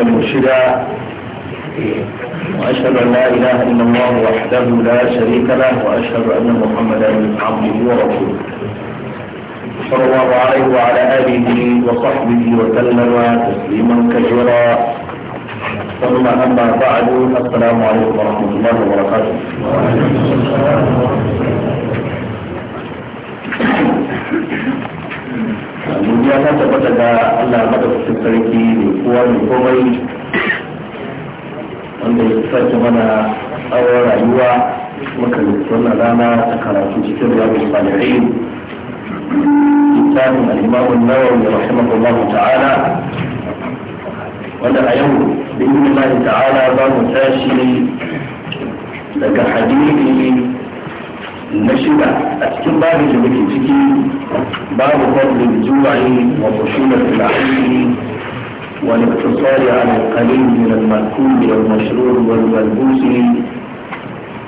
وليا مرشدا وأشهد أن لا إله إلا الله وحده لا شريك له وأشهد أن محمدا عبده ورسوله صلى الله عليه وعلى آله وصحبه وسلم تسليما كثيرا ثم أما بعد السلام عليكم ورحمة الله وبركاته godiya ta tabbata ga Allah madaukakin sarki mai kowa mai komai wanda ya sake mana tsawon rayuwa muka wannan rana ta karatu cikin mai salihin littafin al-imam an-nawawi rahimahullahu ta'ala wanda a yau bi Allah ta'ala za mu tashi daga hadisi na shida a cikin babin da muke ciki باب فضل الجوع وخشونة الأحلام والاقتصار على القليل من المأكول والمشروب والملبوس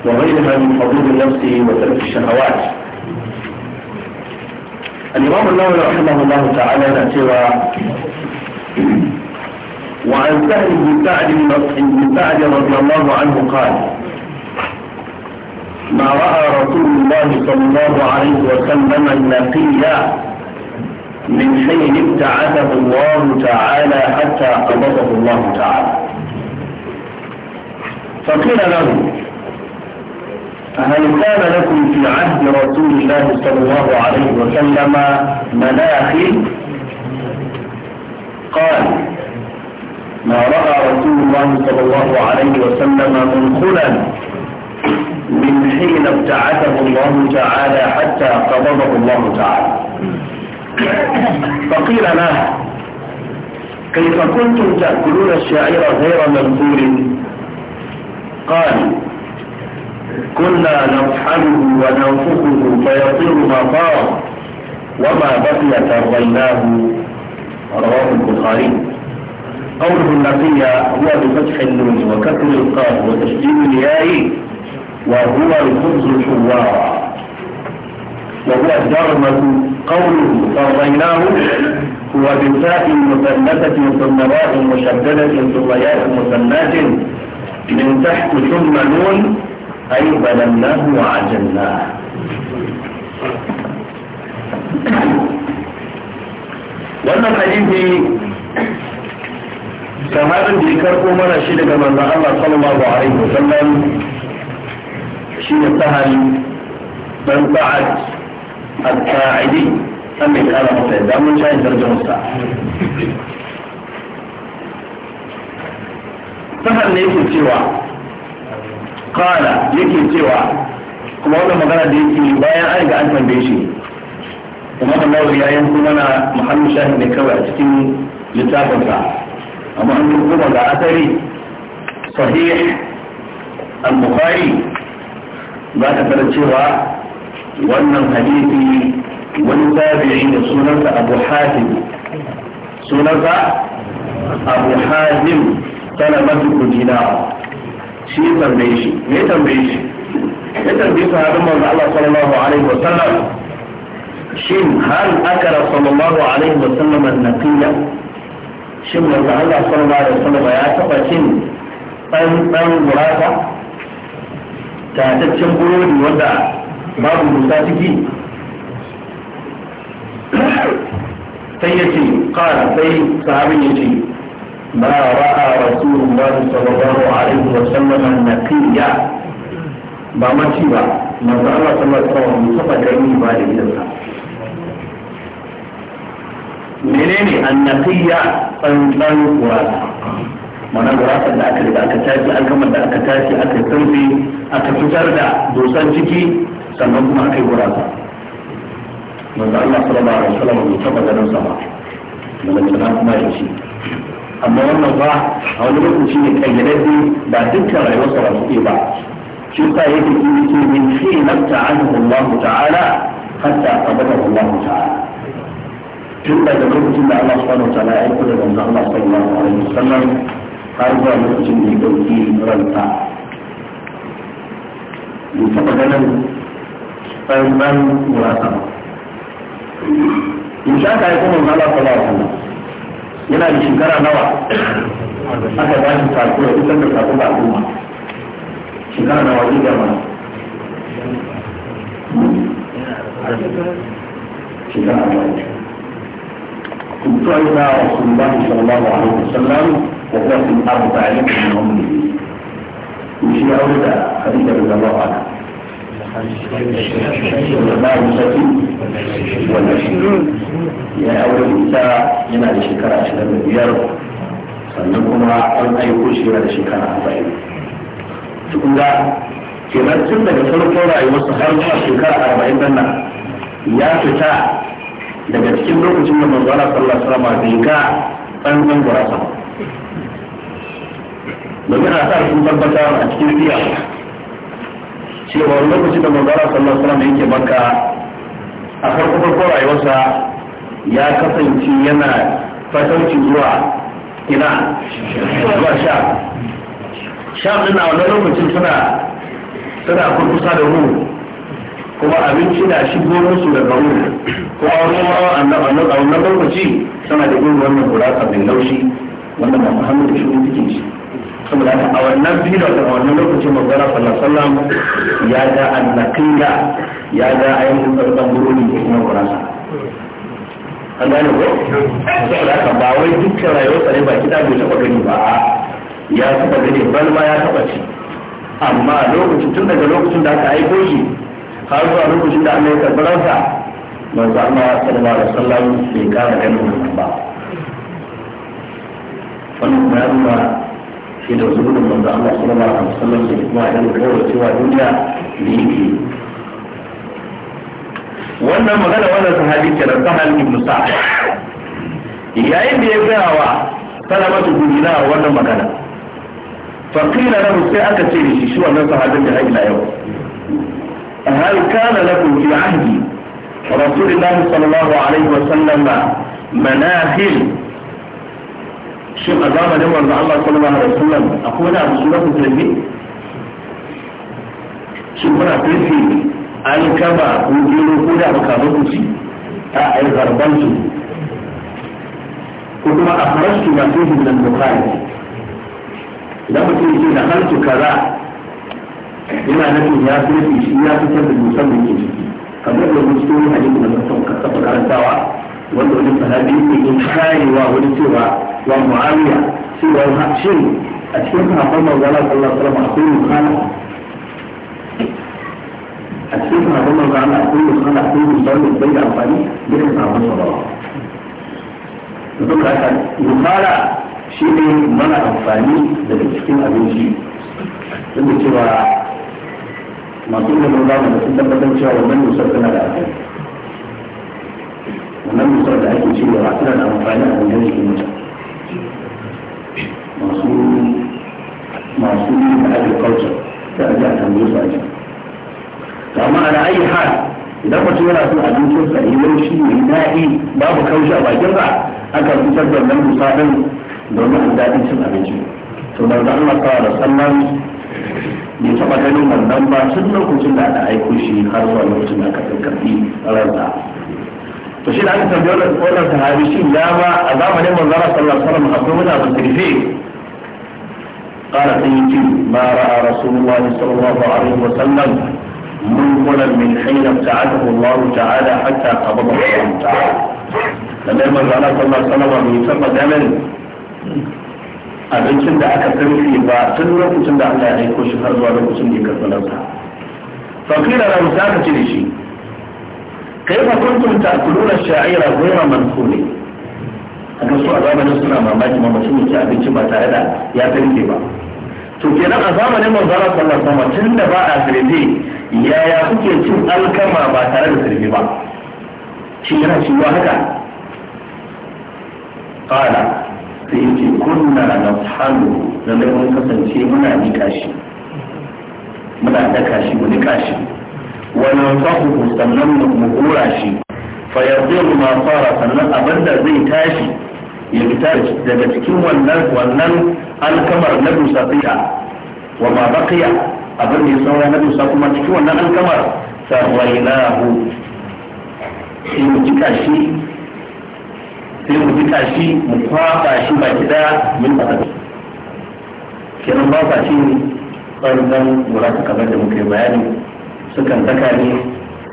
وغيرها من حضور النفس وترك الشهوات الإمام النووي رحمه الله تعالى نأتيها وعن سهل بن سعد رضي الله عنه قال ما رأى رسول الله صلى الله عليه وسلم النقي من حين ابتعثه الله تعالى حتى قبضه الله تعالى فقيل له هل كان لكم في عهد رسول الله صلى الله عليه وسلم مناخي قال ما رأى رسول الله صلى الله عليه وسلم منخلا من حين ابتعثه الله تعالى حتى قبضه الله تعالى فقيل له كيف كنتم تأكلون الشعير غير منثور قال كنا نطحنه وننفخه فيطير ما طار وما بقي ترضيناه رواه البخاري قوله النقي هو بفتح النون وكسر القاف وتشديد الياء وهو الخبز الحوار وهو الدرمة قوله فرضيناه هو بفاء مثلثة ثم راء مشددة ثم ياء مثنات من تحت ثم نون أي بلمناه وعجلناه wannan hadisi كما da ya karko mana shi daga عليه Allah sallallahu alaihi wasallam شيء فهل من بعد القاعدي أم الآن مطلع دام جاي درجة مساء فهل ليس سوى قال ليس سوى كما أقول ما قال ديك بايا أرجع أنت من بيشي وما قال الله يا ينسي أنا محمد شاهد نكوى أجتين لتابع ساعة أما أنت قوم على صحيح البخاري za ka tara cewa wannan hadisi wani tabi'i da sunansa abu hatim sunansa abu hatim salamatu kujina shi tambaye shi me tambaye shi ya tambaye sahabin manzo Allah sallallahu alaihi wa sallam shin hal akara sallallahu alaihi wa sallam an-naqiya shin manzo Allah sallallahu alaihi wa sallam ya taba cin dan dan gurasa tataccen burodi wanda babu musa ciki sai ya ce kara sai sahabin ya ce ba ra'a rasulun ba su sallallahu alaihi wa sallam na kiriya ba mace ba masu Allah sallallahu alaihi musu sallam musafa gani ba da gidansa menene annaqiyya tsantsan kurasa mana gurasar da aka da aka tashi alkamar da aka tashi aka tsarfe aka fitar da dusan ciki sannan kuma aka yi gurasa manzo Allah sallallahu alaihi wasallam bai taba ganin sa ba daga nan kuma ya ci amma wannan ba a wani lokaci ne kayyadadde ba dukkan rayuwar sa ba su iya ba shi sa yake yi ce min fi nafta Allah ta'ala hatta abada Allah ta'ala tun daga lokacin da Allah subhanahu wa ta'ala ya yi aika da manzo Allah sallallahu alaihi wasallam har zuwa lokacin da ya ɗauki ranta in taɓa ganin tsantsan murata in sha ka yi kuma mala kala kuma yana da shekara nawa aka ba shi sako ya kusan da sako ga al'umma shekara nawa zai gama shekara nawa kuma tuwa yi na wasu ba shi sallallahu alaihi wasallam وهو في الأرض من أمه وشي أولد خديجة رضي الله عنها ما يسكي ولا يا أولد إساء ينا لشكرا أشهد بيار sannan kuma an aiko shi yana da shekara arba'in tukun da kenan tun daga farkon rayuwarsa har zuwa shekara arba'in nan ya fita daga cikin lokacin da manzo Allah sallallahu alaihi wasallam bai ga tsantsan gurasa ba domin a sa sun tabbata a cikin riya cewa wani lokaci da manzara sallallahu alaihi wasallam yake makka a farko farko rayuwarsa ya kasance yana fatauci zuwa ina zuwa sha sha din a wannan lokacin suna suna kurkusa da ruhu kuma abinci na shigo musu daga ruhu kuma wani a wannan lokaci suna da yin wannan gurasa mai laushi wanda ba muhammadu shi take shi saboda haka a wannan filon a wannan lokacin magana sallallahu ya ga annakila ya ga ainihin tsarkan buroni da kuma gurasa an gane ko saboda haka ba wai dukkan rayuwarsa ne ba kiɗa bai taɓa gani ba ya taɓa gani balma ya taɓa ci amma lokacin tun daga lokacin da aka aiko shi har zuwa lokacin da Allah ya karɓi ransa manzo Allah sallallahu alaihi wasallam bai kara ganin wannan ba wannan ba. shi da wasu gudun manzo Allah sallallahu alaihi wasallam da kuma ya nuna da cewa duniya da yake wannan magana wannan sahabi kenan sahal ibn sa'ad yayin da ya gaya wa salamatu gudina wannan magana فقيل له سيأتى تيري شو أن صحابين لها إلى يوم هل كان لكم في عهد رسول الله صلى الله عليه وسلم مناخل shin a zamanin wanda Allah sallallahu alaihi wasallam akwai wani abu sunan musulmi shin kuna fefe alkama ko gero ko da abu kamar ku ci a ai zarban su ko kuma a farastu na fefe nan bukari idan mutum ce da hantu kaza Ina nufin ya fefe shi ya fitar da musamman ke ciki kamar da wasu a hadisi na kafa karantawa wanda wani sahabi yake yin karewa wani cewa wa mu'awiya cewa shi a cikin sahabban manzo Allah sallallahu alaihi wasallam akwai mukhala a cikin sahabban manzo Allah akwai mukhala akwai mukhala bai da amfani gidan sahabban sallallahu alaihi wasallam mukhala shi ne mana amfani daga cikin abinci duk cewa masu ilimin zamani sun tabbatar cewa wannan musar tana da amfani wannan musar da ake cewa tana da amfani a wajen jikin mutane masu agriculture da ake a tambaye su aji to amma ana ayi hal idan mutum yana son abincin sa yi laushi mai daɗi babu kaushi a bakin sa aka fitar da nan musa din domin a daɗin cin abinci to da za Allah ta da sallan bai taɓa ganin wannan ba tun lokacin da aka aiko shi har zuwa lokacin da aka karkarfi ransa to shi da aka tambaye wannan sahabi shin ya ba a zamanin manzara sallallahu alaihi wasallam akwai wani abu tarfe قال سيدي ما رأى رسول الله صلى الله عليه وسلم منقلا من حين ابتعده الله تعالى حتى قبضه الله تعالى لما قال صلى الله عليه وسلم يسمى دمن abincin da aka sarfi ba tun lokacin da Allah ya aiko shi har zuwa lokacin da ya karɓi lansa. Fakira na misali ce da shi, kai fa kuntum ta sha'ira gwaira mansuri. A kasu a zamanin suna mamaki ma mutum ya ci abinci ba tare da ya sarfe ba. to kenan a zamanin manzara sallallahu alaihi tun da ba a sirfe yaya kuke cin alkama ba tare da sirfe ba shi yana cewa haka qala sai yake kunna nafhalu lalle mun kasance muna nika shi muna daka shi mu nika shi wa nanfahu sannan mu kura shi fa yardiru ma fara sannan abinda zai tashi ya fita daga cikin wannan wannan alkamar na dusa fiya wa ma baqiya abin da ya saura na dusa kuma cikin wannan alkamar sarwainahu sai mu jika shi sai mu jika shi mu kwaba shi baki daya min ba fadar kenan ba sa shi ɓangaren murata kamar da muke bayani sukan saka ne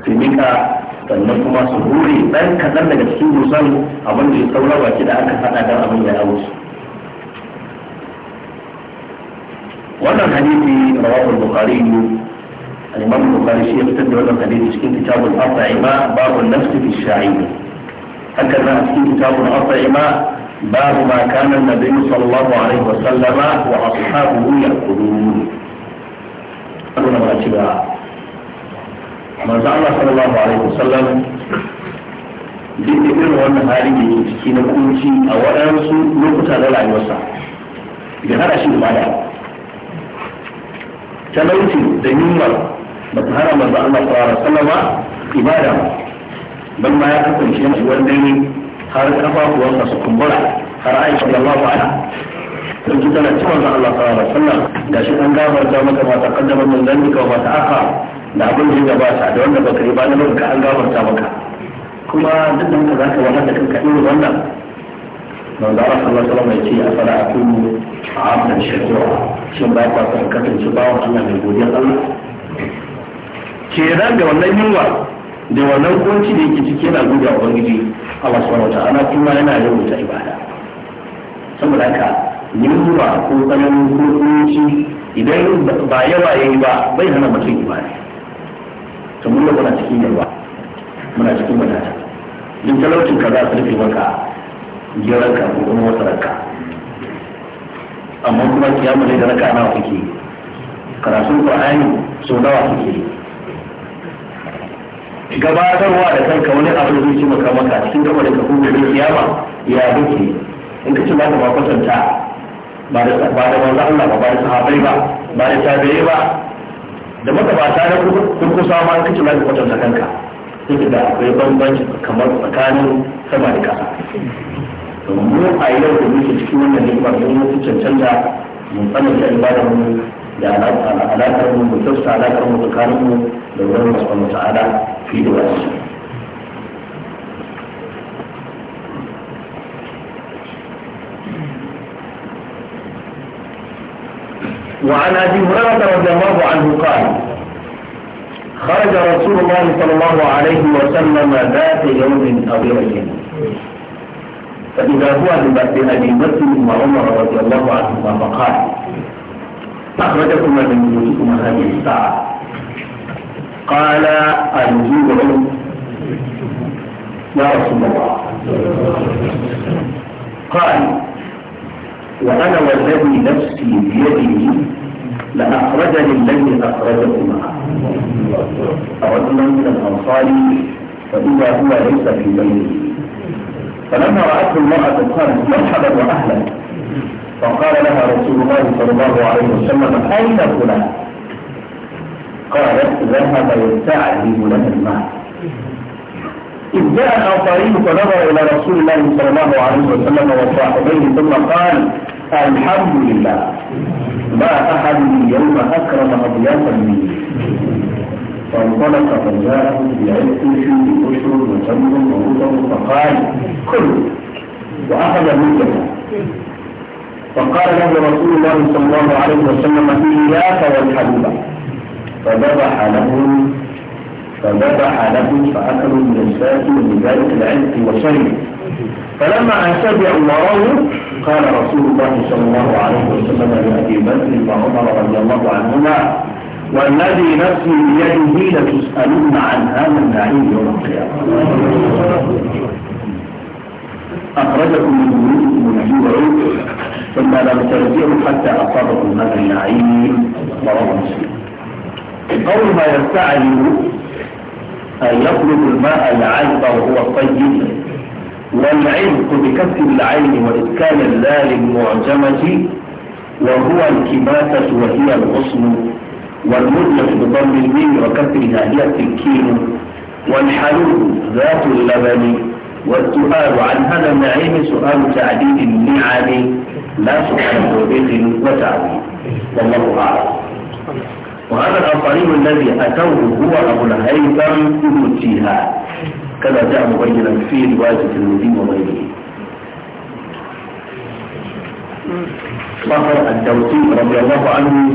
su mika sannan kuma su hure ɗan kaɗan daga cikin dusan abin da ya saura baki da aka haɗa don abin da ya wuce wannan hadisi rawatul bukhari الإمام البخاري شيء يبتدي يقول لك حديث في كتاب الأطعمة باب النفس في الشعير هكذا في كتاب الأطعمة باب ما كان النبي صلى الله عليه وسلم وأصحابه يأكلون. manzo Allah sallallahu alaihi wasallam duk da irin wannan hali da ke ciki na kunci a waɗansu lokuta na rayuwarsa ya hada shi da talauci da yunwa ba ta hana manzo Allah sallallahu alaihi wasallam ibada ban ma ya kasance mai wannan har kafafuwansa su kumbura har aisha sallallahu alaihi sun ji tana cewa ga Allah sallallahu alaihi wasallam gashi an gafarta maka ba ta kaddama mun dan ka ba ta aka da abin da ba sa da wanda baka yi ba na ka an gafarta maka kuma duk da za ka wahala da kanka irin wannan manzo za a sallar wasallam ya ce a a afala a amfani shakura shin ba ka san kasance wa Allah mai godiyar Allah kenan da wannan yunwa da wannan kunci da yake ciki yana gudu a ubangiji Allah wata ana kuma yana rubuta ibada saboda haka yunwa ko tsananin kunci idan ba yawa yi ba bai hana mutum ibada to mun muna cikin yalwa muna cikin wadata duk talaucin ka za su rufe maka gerar ka ko kuma wasu ranka amma kuma kiyamu ne da raka nawa kake karatun qur'ani so nawa kake gabatarwa da kanka wani abu zai ci maka maka cikin gaba da kafin da kiyama ya duke in ka ci ba ka ba kwatanta ba da manzo Allah ba ba da sahabbai ba ba da tabi'i ba da magabata na kudu sun kusa ma kake ma kwatanta kanka duk da akwai bambanci kamar tsakanin sama da kasa mu a yau da muke cikin wannan hikimar mun mutu cancanta mu tsananta da mu da alaƙar mu mu tafsa alaƙar mu tsakanin mu da wurin masu ta'ala fi da wasu وعن أبي هريرة رضي الله عنه قال خرج رسول الله صلى الله عليه وسلم ذات يوم أو يومين فإذا هو بأبي بكر وعمر رضي الله عنهما فقال أخرجكما من بيوتكما هذه الساعة قال الجوع يا رسول الله قال وأنا والذي نفسي بيده لأخرجني الذي أخرجه معه رجلا من الأنصار فإذا هو ليس في بيته فلما رأته المرأة قالت مرحبا وأهلا فقال لها رسول الله صلى الله عليه وسلم أين فلان؟ قالت ذهب يستعذب لنا المال إذ جاء الأنصاري فنظر إلى رسول الله صلى الله عليه وسلم وصاحبيه ثم قال الحمد لله ما أحد اليوم أكرم أضيافا مني فانطلق فجاءه بعلق فيه بشر وتمر وهدى فقال كل وأخذ ملكته فقال له رسول الله صلى الله عليه وسلم إياك والحبيبة فذبح له فذبح له فأكلوا من من ذلك العلق وصيد فلما أسبع وراه قال رسول الله صلى الله عليه وسلم لأبي بكر وعمر رضي الله عنهما والذي نفسي بيده لتسألن عن هذا النعيم يوم القيامة أخرجكم من بيوتكم الجوع ثم لم ترجعوا حتى أصابكم هذا النعيم رواه مسلم قول ما يستعجل أن يطلب الماء العذب وهو الطيب والعذق بكسر العين وإسكان اللال المعجمة وهو الكماسة وهي الغصن والمدلة بضم الميم وكسرها هي السكين والحلول ذات اللبن والسؤال عن هذا النعيم سؤال تعديد النعم لا سؤال توبيخ وتعويل والله أعلم وهذا القريب الذي أتوه هو أبو الهيثم ابن الشيهان كما جاء مبينا في رواية الترمذي وغيره صهر الدوسي رضي الله عنه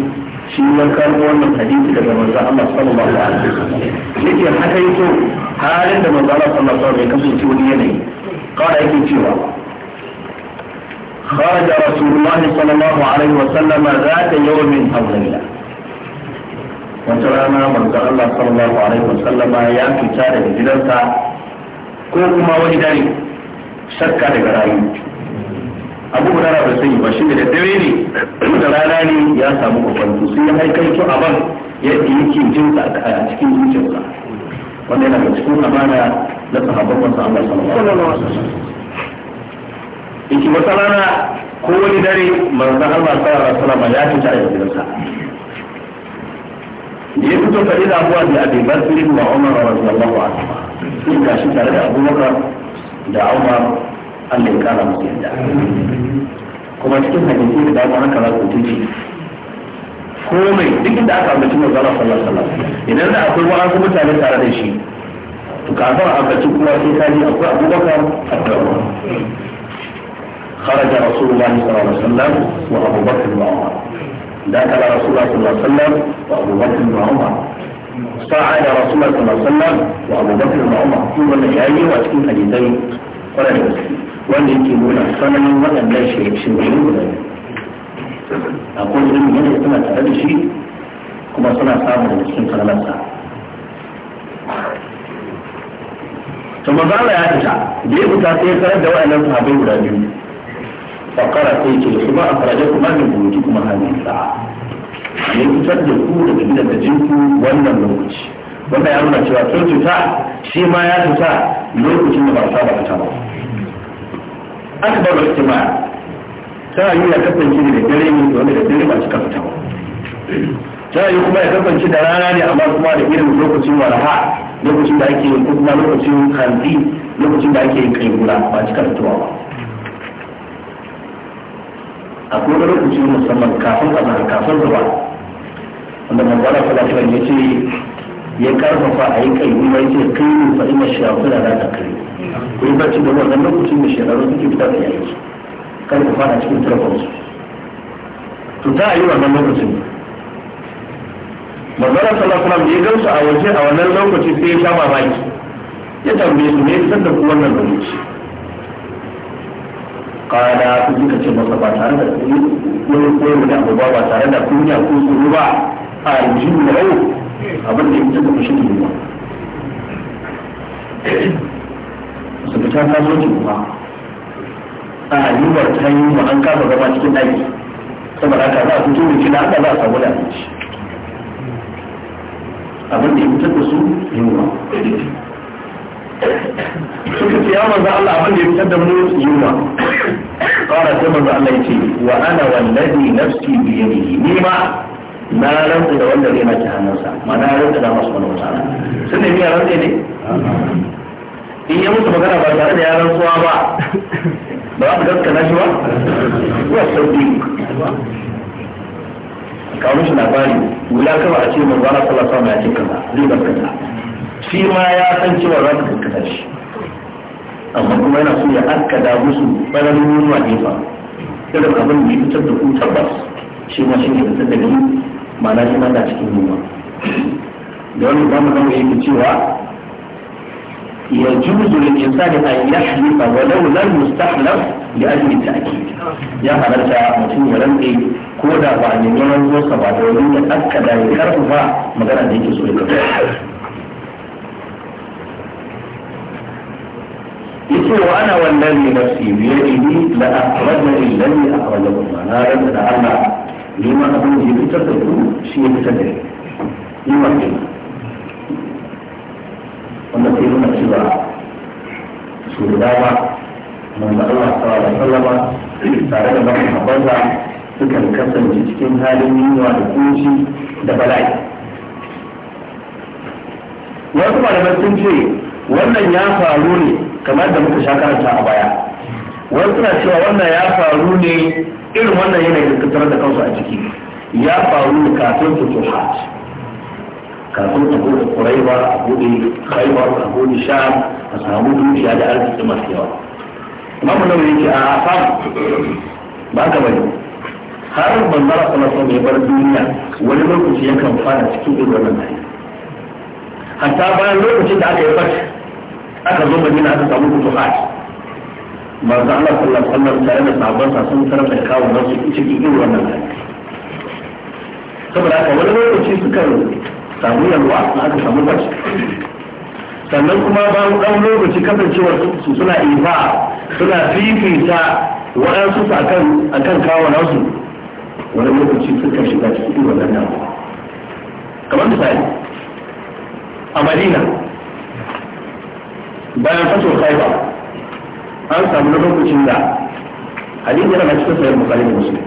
شيما كان هو من حديث كذا من الله صلى الله عليه وسلم لكي حكيت حالا من صلى الله عليه وسلم يكفي سوليني قال ايكي شيما خرج رسول الله صلى الله عليه وسلم ذات يوم من حول الله wata rana manzo Allah sallallahu alaihi wasallama ya fita daga gidansa ko kuma wani dare shakka daga rayu abu da bai sani ba shi da dare ne da rana ne ya samu kwakwanto sai ya haikanto a ban yadda yake jin sa a cikin zuciyarsa wanda yana da cikin amana na sahabban masu Allah sallallahu alaihi wasallam yake wata rana ko wani dare manzon Allah sallallahu alaihi wasallama ya fita daga gidansa ya fito fa ila huwa bi abi bakr wa umar radiyallahu anhu sai ga shi tare da abubakar da umar Allah ya kara musu yadda kuma cikin hadisi da dama haka za ku tuci komai duk inda aka ambaci mu Allah sallallahu alaihi idan da akwai wa'azu mutane tare da shi to kafin a ambaci kuma sai ka ji akwai abubakar da umar خرج رسول الله صلى الله عليه وسلم وابو بكر وعمر دخل رسول الله صلى الله عليه وسلم وابو بكر وعمر صعد رسول الله صلى الله عليه وسلم وابو بكر وعمر ثم النشائي واسكن حديثين ولا يمكن wanda yake nuna sananin waɗannan shirye-shirye guda ne akwai irin yadda suna tare da shi kuma suna samu da cikin sanarsa to mazala ya fita da ya fita sai ya sanar da waɗannan sahabbai guda biyu fakara sai ce su ba a faraje kuma da buruki kuma hannun sa'a a yi fitar da ku daga gidan da jinku wannan lokaci wanda ya nuna cewa sun fita shi ma ya fita lokacin da ba sa ba ta ba Aka akbar istima ta yi ya kasance da dare ne wanda da dare ba cika fita ba ta yi kuma ya kasance da rana ne amma kuma da irin lokacin walaha lokacin da ake yin kuma lokacin hanzi lokacin da ake yin kai ba cika fitowa ba akwai wani lokaci musamman kafin a azan kafin zuwa wanda Mabara manzara sallallahu ya ce ya karfafa a yi kai kuma ya ce kai ne fa ina shafu da za ta kai ku yi bacci da wannan lokacin da shekaru suke fita da yayi kar ku fara cikin tarkon su to ta yi wannan lokacin Mabara sallallahu alaihi ya gamsu a waje a wannan lokacin sai ya sha mamaki ya tambaye su me yasa da ku wannan lokaci kada ku suka ce masa ba tare da kuni wani koyo da abu ba ba tare da kunya ko tsoro ba a yanzu da rai abin da ya fita shi ne ba su fita kasuwanci kuma a yiwuwar ta yi ma an kasa zama cikin ɗaki saboda haka za a fito da kina haka za a samu da abinci abin da ya fita da su yiwuwa suka fi ya manzo Allah abin da ya fitar da mu yunwa fara sai manzo Allah ya ce wa ana wallazi nafsi bi yadihi ni ma na rantsa da wanda zai mace hannunsa ma na rantsa da masu wani wata sun nemi yaran ne in yi musu magana ba tare da yaran suwa ba ba za su gaskana shi ba wa biyu kawo shi labari wula kawai a ce manzo Allah sallallahu alaihi wasallam ya ce kaza zai gaskata shi ma ya san cewa za ta kankata shi amma kuma yana so ya da musu ɓararin yunwa ne fa irin abin da ya fitar da ku tabbas shi ma shi ne fitar da ni ma'ana shi ma na cikin yunwa da wani ba mu zama yi cewa ya juzu lil insani an yahlifa walau lam mustahlaf li ajli ta'kid ya halarta mutum ya rantse ko da ba ne neman zuwa ba domin ya da ya karfafa magana da yake so ya karfafa yace wa ana wannan ne nafsi bi yadi la akhraja alladhi akhrajahu na ran da Allah ni ma abin da ya fitar da ku shi ya fitar da ni ma ke wannan nuna cewa su da dama manzo Allah sallallahu alaihi wasallam tare da mahabbanta sukan kasance cikin halin yunwa da kunci da bala'i wasu malamai sun ce wannan ya faru ne kamar da muka sha karanta a baya wani suna cewa wannan ya faru ne irin wannan yanayin da tattara da kansu a ciki ya faru ne kafin futuhat kafin a bude kuraiba a bude khaibar a bude sha a samu dukiya da arziki masu yawa imamu nawawi yake a sam ba ka bane har manzara sallallahu mai bar duniya wani lokaci yakan fara cikin irin wannan hatta bayan lokacin da aka yi fashi aka zo madina aka samu futuhat manzo Allah sallallahu alaihi wasallam tare da sabon sa sun tarar da kawo nan su cikin irin wannan da saboda haka wani lokaci su kan samu yalwa na aka samu bashi sannan kuma ba mu ɗan lokaci kasancewar su suna ifa suna fifita waɗansu su akan akan kawo na su wani lokaci su kan shiga cikin wannan da kamar misali a madina bayan fato kaifa an samu lokacin da hadisi yana cikin sayar bukhari da musulmi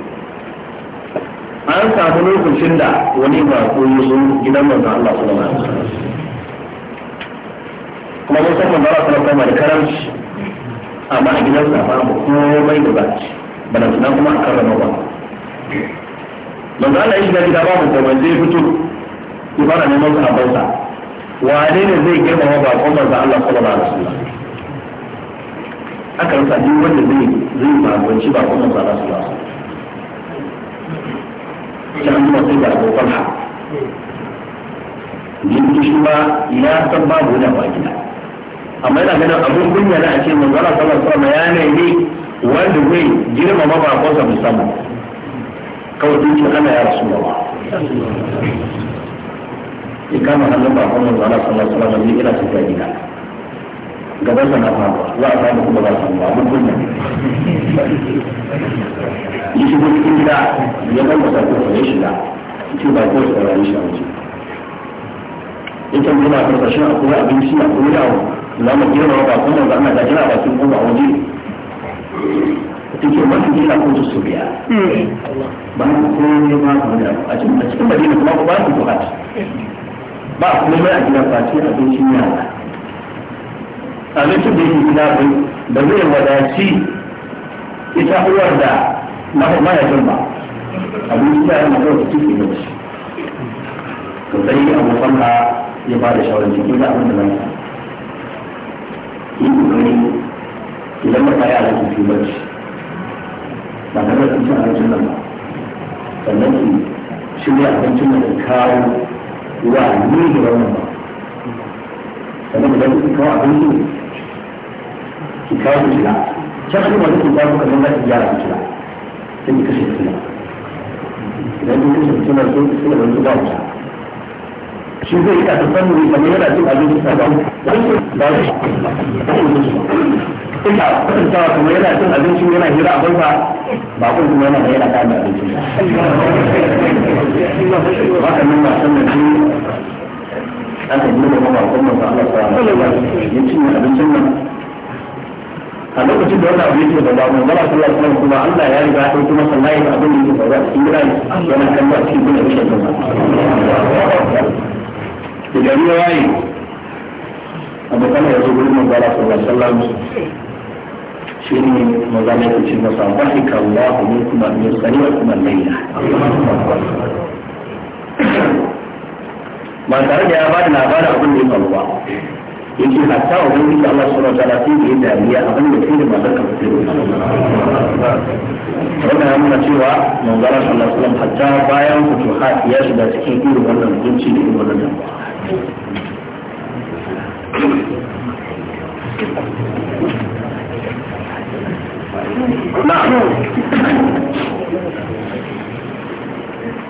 an samu lokacin da wani ba ko yusu gidan manzo Allah sallallahu alaihi wasallam kuma mun san manzo Allah su alaihi wasallam da karamci amma a gidan gidansa ba mu komai da baci bana tunan kuma a karrama ba manzo Allah ya shiga gida ba mu komai zai fito ya fara neman bauta wane ne zai girmama bakon manzo Allah sallallahu alaihi wasallam aka rasa duk wanda zai zai bakonci bakon manzo Allah sallallahu alaihi wasallam can kuma sai da abokan ha jirgin shi ma ya san babu da baki amma yana ganin abun kunya na a ce manzo Allah sallallahu alaihi wasallam ya nemi wanda zai girmama bakonsa musamman kawai duk ana ya rasu da ba ya kama hannun bakon kuma zana sallar sallar da zai ina su ta gida gaban na fara za a samu kuma za su ba mun kunya yi shi shigo cikin gida ya kan da sako ya shiga shi ba ko saurari shi a wuce ita kuma ta tashi a kuma abinci a kuma yawo za mu girma ba kuma za mu ta kira ba sun kuma a waje take mafi gina ko su biya hmm. ba ku ko ne ba ku da a cikin madina kuma ku ba ku buƙata ba a kuma a gida face abincin yara abincin da yake gida ba zai wadaci ita uwar da mahaifin ba abincin yara na kawai ciki ne shi to sai abokan ka ya ba da shawarar cikin da abin da nan yi kokari idan ba ka yi alaƙa fi bacci ba tare da cin abincin nan ba sannan ki shirya abincin da kawo wa ni da wannan ba sannan da zama kawo abin yi ki kawo ku shiga can su wani ku kawo kamar za gyara ku shiga sai ki kashe fitina idan kun kashe fitina sun fi suna wani ba wuta shi zai iya ta samu kamar yana cin abinci sabon ba shi ba shi ba shi ina kwatantawa kuma yana cin abinci yana hira a banza ba kun kuma yana yana kayan da abinci ba ka nan ba masu nan ne aka yi nuna ba kun nan ba Allah ta ya ne abincin nan a lokacin da wannan abu yake da ba mun zama sallar sallar kuma Allah ya riga ya kuma sallaye da abin da yake da ba cikin gida yana kan ba cikin gida yake da ba idan ya yi abokan ya zo gurin mun zama sallar sallar shi ne maza ne ku ce masa wahika Allah ne kuma ne tsari wa kuma laila ba tare da ya ba da labarin abin da ya faru ba yake hatta wa wani da Allah subhanahu wa ta'ala sai da dariya abin da kai da matar wannan ya nuna cewa manzara sallallahu alaihi wasallam hatta bayan futuhat ya shiga cikin irin wannan hukunci da irin wannan damuwa Thank you. na'am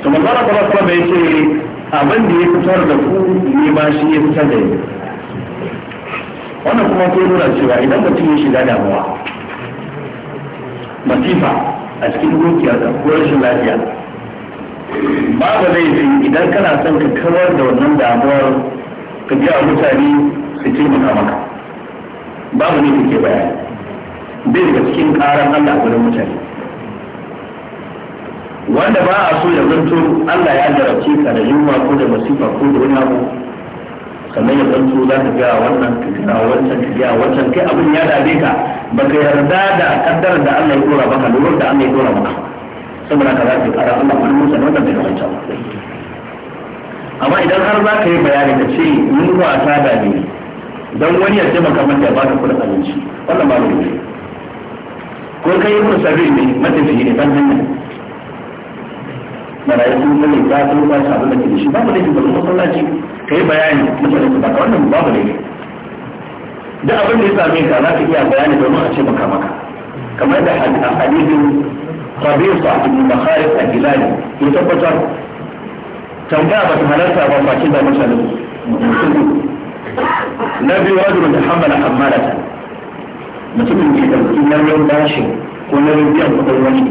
to manzara kuma kuma bai ce abin da ya fitar da ku ne ba shi ya fitar da yi. wannan kuma ko nuna cewa idan mutum ya shiga damuwa masifa a cikin dukiya ko rashin lafiya Ba babu laifi idan kana son ka kawar da wannan damuwar ka ji a mutane su ce maka maka babu ne ke bayani bai da cikin karan Allah gurin mutane wanda ba a so ya zanto Allah ya jarabce ka da yunwa ko da masifa ko da wani abu sannan ya zanto za ka gaya wannan ka ga wancan ka gaya wancan kai abin ya dade ka baka yarda da kaddarar da Allah ya dora maka lura da Allah ya dora maka saboda ka za ka kara Allah wani musa da wannan bai wancan amma idan har za ka yi bayani ka ce yunwa ta dade don wani ya taimaka maka ya baka kudin abinci wannan ba ne ko kai ku sabi ne matafi ne ban hanya marayu sun sani ba su ba su abin da ke da shi babu laifi ba su masallaci kai bayani mutane su baka wannan babu laifi duk abin da ya same ka za ka iya bayani domin a ce maka maka kamar da hadisin Rabisa ibn Bakharif al-Hilali ya tabbatar tambaya ba ta halarta ba ba da mutane na biyu wajen da hamala hamalata mutumin da ya ɗauki nauyin bashin ko nauyin biyan kuɗin wani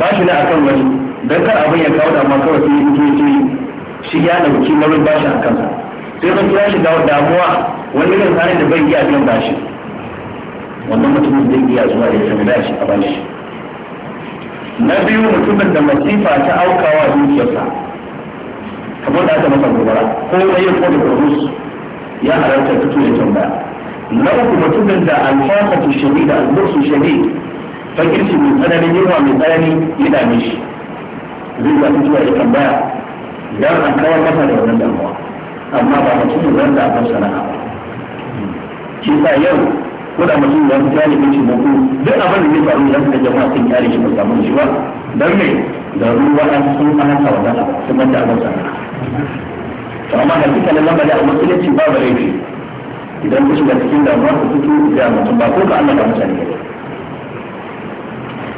bashi na akan wani don kar abin ya kawo damuwa kawai sai ya ce shi ya ɗauki nauyin bashi a kansa sai ban kira shi da damuwa wani irin halin da bai iya biyan bashi wannan mutumin zai iya zuwa ya sami bashi a bashi na biyu mutumin da masifa ta aukawa zuciyarsa kamar da aka masa gobara ko ya yi ko da ya halarta fito ya tambaya na uku mutumin da alfafatu da albursu shadid fakirci mai tsananin yawa mai tsanani ya dame shi zai zafi zuwa ya tambaya dan an kawar masa da wannan damuwa amma ba mutum da wanda sana'a ba shi sa yau ko da mutum da wani talibin shi boko duk abin da zai faru idan ka jama'a sun kyale shi ba samu shi ba don me da ruwa an sun ana sa wannan abu sun banda akan sana'a to amma da kika lallan ba da musulunci ba ba laifi idan ku shiga cikin damuwa ku fito da mutum ba ko ka Allah da mutane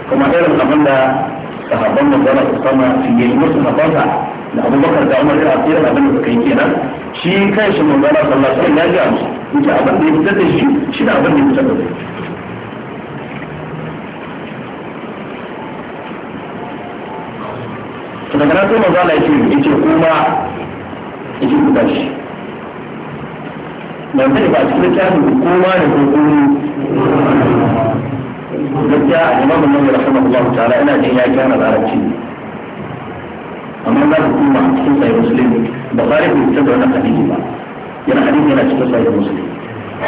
kuma irin abin da sahabban da zara su sama su yi musu haɓaka da abubakar da umar da asirin abin da suka yi kenan shi kai shi mun zara sallallahu alaihi wasallam ya ga musu ita abin da ya fitar da shi shi da abin da ya fitar da shi daga nan sai manzo Allah ya ce kuma ya ce ku tashi mai sani ba cikin littafin hukuma da hukumi gaskiya a imamu nabi rahimahullahu ta'ala ina jin ya gyara larabci amma za ku kuma cikin sahih muslim ba fara ku ta da wannan hadisi ba yana hadisi yana cikin sahih muslim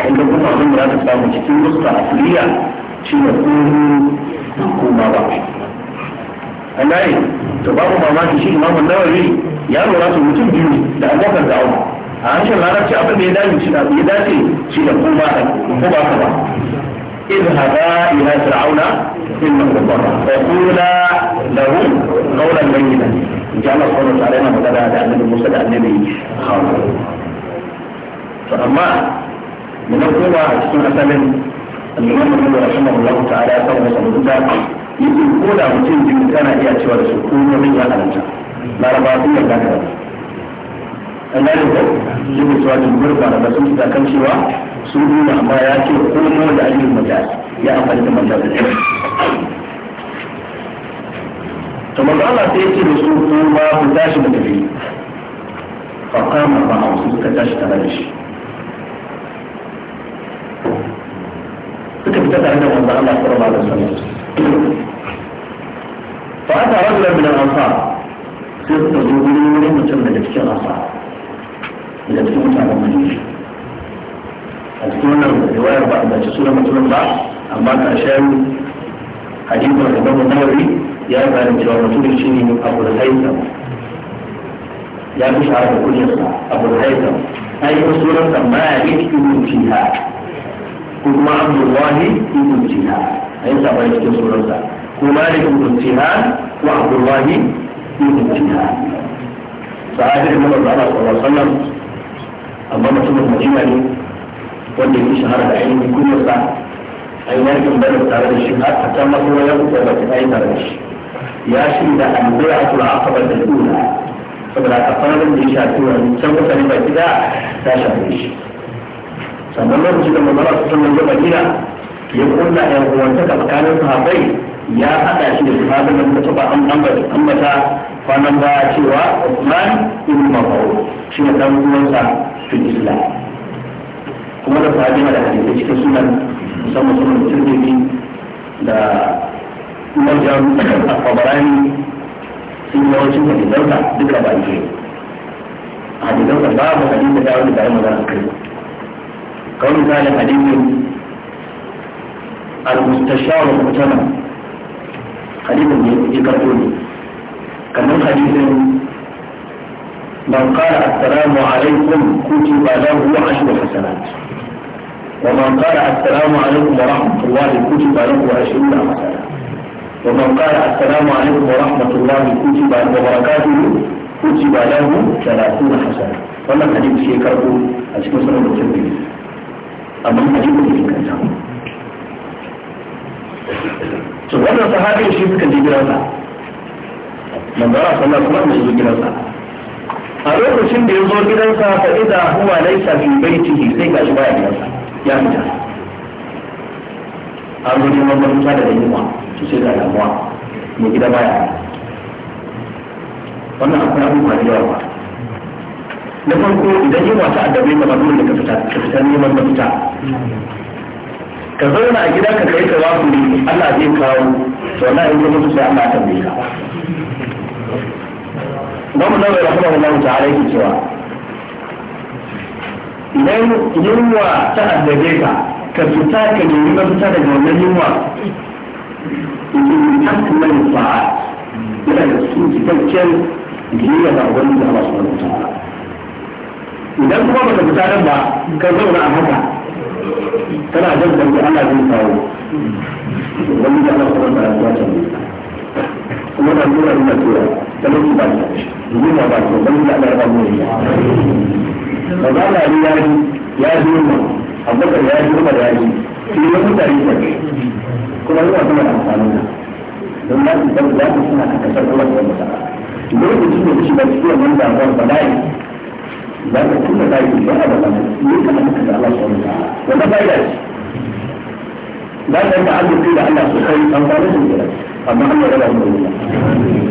inda kuma abin da za ta samu cikin musta asliya shi ne hukuma ba Allah to babu mamaki shi imamu nawawi ya lura su mutum biyu da abokan da'awa a hankali larabci abin da ya dace shi da ya dace shi da ko ko ba ka ba in haka ila fir'auna in na kubara fa kula da hu qawlan bayyina ya Allah ko tare na magana da annabi Musa da annabi Khawar to amma mun ko a cikin asalin annabi Muhammad sallallahu alaihi wasallam ta alaka wa sallallahu ko da kana iya cewa da su ko an gane ko yin mutuwa da gurba da sun fita kan cewa sun nuna amma ya ce komo da ayyukan mata ya amfani da mata da to manzo Allah sai yake da su ma ku tashi mu tafi fa qama ba su suka tashi tare da shi suka fita tare da manzo Allah sallallahu alaihi wasallam fa ata rajulan min al-ansar sai suka zo wurin wani mutum daga cikin ansar daga cikin mutanen madina a cikin wannan riwayar ba a bace sunan mutumin ba amma ƙarshen hadisin da babu nawawi ya yi bayanin cewa mutumin shi ne abu da haitam ya fi shahara da kunyarsa abu da haitam ai yi sunan sa ma ya cikin ibn jiha ko kuma abdullahi ibn jiha ai sa bai cikin sunan sa ko malik ibn jiha ko abdullahi ibn jiha sahabi da manzo Allah sallallahu alaihi wasallam amma mutumin madina ne wanda ya shahara da ainihin kullum a yi yankin bada tare da shi har a can masu ya yankin da ta yi tare da shi ya shi da zai a tura aka bar da duna saboda ka fara da ya shafi ne can kusa ne ba gida ta shafi shi sannan lokacin da mamara su san wani madina ya kunna ya uwanta da tsakanin sahabbai ya haɗa shi da su sahabin da ta ba an ambata kwanan ba cewa Usman ibn Maf'ud shi ne dan uwansa في islam kuma da fadi da hadisi cikin sunan musamman sunan tirmidhi da majan al-qabarani sun yawancin hadisansa duka ba ke ba babu hadisi da wani da ya magana kai kawai misali hadisin al-mustashar al-mutama hadisin da ya karto ne kamar hadisin من قال السلام عليكم كتب له عشر حسنات ومن قال السلام عليكم ورحمة الله كتب له عشرون حسنة ومن قال السلام عليكم ورحمة الله كتب وبركاته كتب له ثلاثون حسنة wannan hadisi ya karbo a cikin sanar da tabbi amma hadisi ne kan samu to wannan sahabi shi suka ji gidansa manzara sallallahu alaihi wasallam shi gidansa a lokacin da ya zo gidansa fa idza huwa laisa fi baitihi sai gashi baya gidansa ya fita an zo neman ta da rayuwa su sai ga damuwa mai gida baya wannan akwai abubuwa da yawa na farko idan yi wata addabe ka ba da ka fita ka fita neman mafita ka zauna a gida ka kai ka wasu Allah zai kawo to na in ka mutu sai Allah ta bai ka ba mu dawo rahama Allah ta'ala yake cewa idan yunwa ta addabe ka ka fita ka nemi mafita daga wannan yunwa in akmal fa yana da cikin cikakken biyayya wani ubangiji Allah subhanahu wa ta'ala idan kuma ka fita nan ba ka zauna a haka tana jan da Allah zai kawo wani da Allah subhanahu wa ta'ala ya kuma da nuna nuna tura talauci ba shi nuna ba ba don ba ɗan ba ne ba za na yi yari ya yi yunwa abubakar ya yi yunwa ya yi shi ne mutane ta ke kuma yana kuma da amfani na don ba su zama za suna a kasar kuma da ba lokacin ba shi ba su iya ba damuwar ba da ba za ka kuma da yi ba a da ba ne ka haka da Allah sauran ta wanda fa'ida ce za ka yi da Allah sosai amfani da mutum amma an yara mu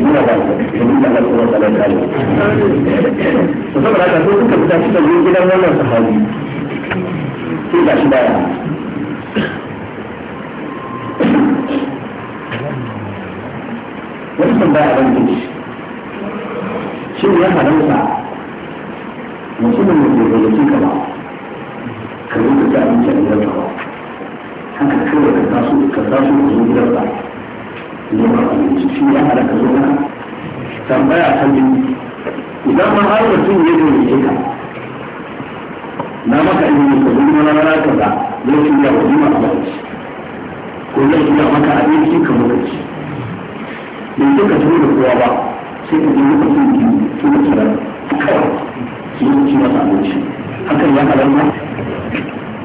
muna ba ku da Allah subhanahu wa ya to saboda haka sai kuka fita cikin gidan wannan sahabi sai ga shi baya wani tambaya a bankin shi shi ne ya halarta mutumin da ke gayyaci ka ba ka rubuta abinci a gidanka ba haka kawai ka taso ka taso ka zo gidanka nema abinci shi ya hada zo na tambaya ta biyu idan ma har mutum ya zo ne ka na maka ilimi ka zuwa na rana ka ba zai iya wani ma abinci ko zai iya maka abinci ka muka ci bai duka tuni da kowa ba sai ka je lokacin da ke tuni da kawai su yi ci masa abinci hakan ya halarta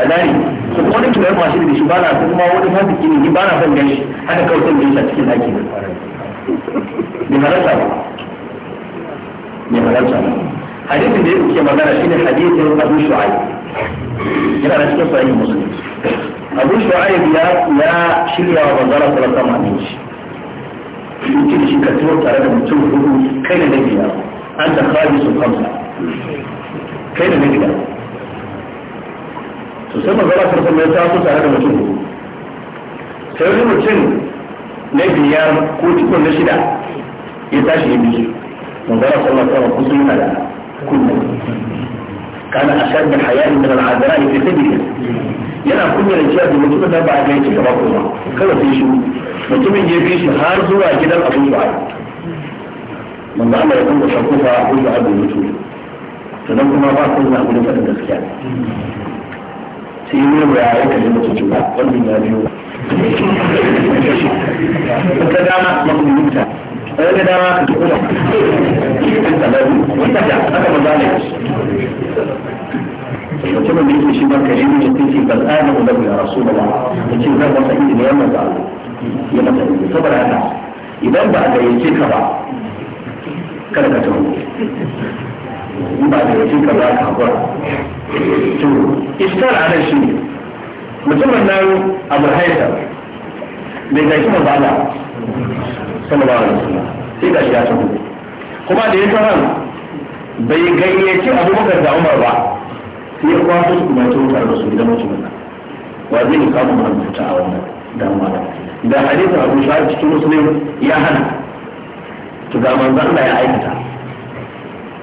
a dari su kuma duk da mashi da shi ba na kuma wani kini ni ba na son gani haka kawai son gani a cikin daki ne halarta ba ne halarta ba hadisin da ya kuke magana shine hadisin abu shu'aib yana da cikin sahih muslim abu shu'aib ya ya shirya wa manzara sallallahu alaihi wasallam abinci mutum shi ka tuwo tare da mutum hudu kai da na biyar an ta khabisul kamsa. kai da na biyar to sai manzara ta kuma ya taso tare da mutum sai wani mutum na biyar ko cikin na shida ya tashi ya biyu manzara sallallahu alaihi wasallam kusa yana da kunna kana ashad bil haya'i min al-azra fi sabili yana kunya da cewa mutum da ba a ga ci gaba kuma kada sai shi mutumin ya bi shi har zuwa gidan Abu Shu'aib manzo Allah ya kuma shakufa Abu Shu'aib mutum sannan kuma ba kunna gurin fadin gaskiya sai ne ba ya wannan ya biyo dama dama ka cikin wanda aka maza ne da yake shi ba ne ba za da ya rasu da ba ya ce zan masa inda ne yamma za saboda haka idan ba a gayyace ka ba kada ka tawo in ba da wajen ka ba ka hakura to iskar a nan shi ne mutumin nan abu haita bai gaji ma ba da sama ba wani suna sai ga shi ya tafi kuma da ya tafi bai gayyaci abubakar da umar ba sai ya kwaso su kuma ta wutar da su gidan mutumin nan wa zai samu mana fita a wannan damuwa da hadisin abu shahar cikin musulmi ya hana to ga manzan Allah ya aikata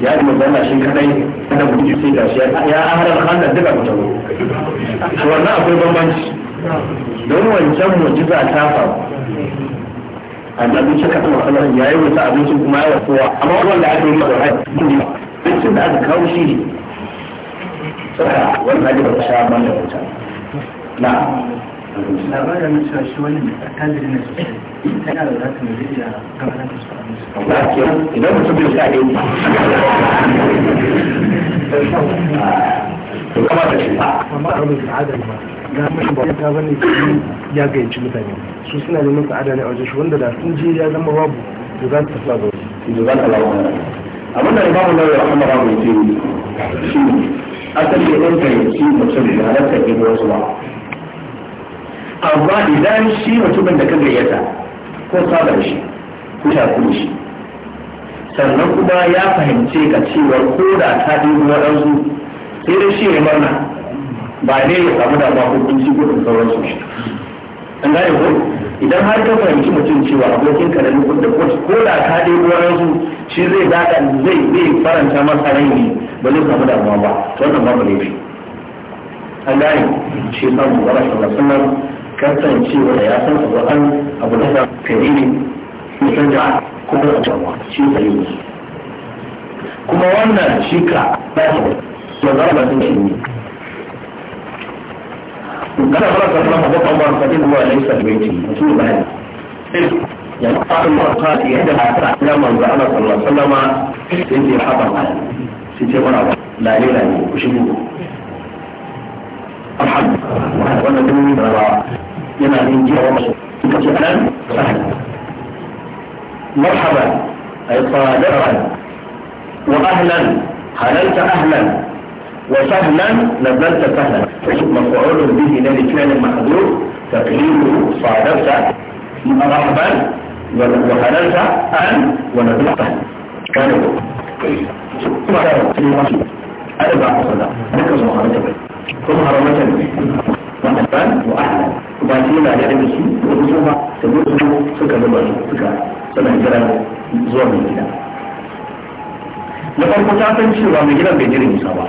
ya yi magana shi kadai kada mu ji sai gashi ya ahadar khanna duka mu tabo to wannan akwai bambanci don wancan mu'jiza ta faru annabi shi kasan wasallam ya yi wata abincin kuma ya wasuwa amma wanda aka yi masa rai abincin da aka kawo shi ne saboda wannan hadi ba ta sha ban da wancan na labarin cewa shi wani tajiri na su tana da zata mai zai iya gabatar da su idan mutum bai sha ɗaya kamata amma a wani ne ba na mashi ba ta bane ya gayyaci mutane su suna neman sa'ada ne a wajen shi wanda da sun je ya zama babu da za ta a gaba to za ta lawo abin da imamu nawawi rahimahullah ya ce shi asali ne kan shi mutum da halatta ke wasu ba amma idan shi mutumin da kan gayyata ko saba shi ko shaku shi sannan kuma ya fahimce ka cewa ko da ta ɗin waɗansu sai dai shi ya barna ba ne ya samu da ba ci ko sauran su an gane ko idan har ka fahimci mutum cewa abokin ka da nufin da ko da ka dai gonar su shi zai daɗa zai zai faranta masa rai ne ba zai samu damuwa ba to wannan babu laifi an gane shi ya samu ba rashin rasunan kasancewa da ya san tsoron abu da sa fere ne mutum da kuma a damuwa shi sayi kuma wannan shi ka ba مضاربة العلمية وكان خلاص أخلاق بطن مرتين هو ليس بيتي رسول بهذا إيه. يعني قال الله قال يهدى العسرع لما صلى الله عليه وسلم سيدي حضر على سيدي مرة لا ليلة وشنو الحمد وانا دوني ينا مرحبا أي صادرا وأهلا حللت أهلا وسهلا نزلت سهلا مفعول به نبي فعل محذوف تقليده صادفت مرحبا وهللت أن ونزلت كانوا أربع أصلا ذكر مهارته ثم هرمته وأحسن وأحلى وبعدين على يد الشيء ورسوما تبوسه سكا لبعض سكا سنة جرى زوال من لقد كنت أعتقد شيئا من كده بيجري مسابقة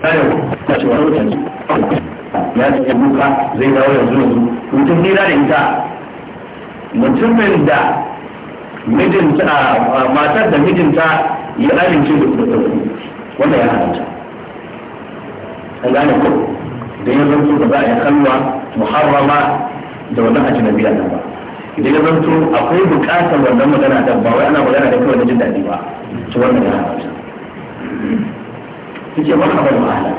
ayo ta ce wani mutane ya ce ya buka zai dawo yanzu yanzu mutum hira da ita mutumin da mijinta matar da mijinta ya amince da kuma wanda ya haramta an gane ko idan ya zanto ba za a yi kalwa muharrama da wannan ajinabiya nan ba idan ya zanto akwai bukatar wannan magana da ba wai ana magana da kawai na jin daɗi ba to wannan ya haramta تجي مرحبا معنا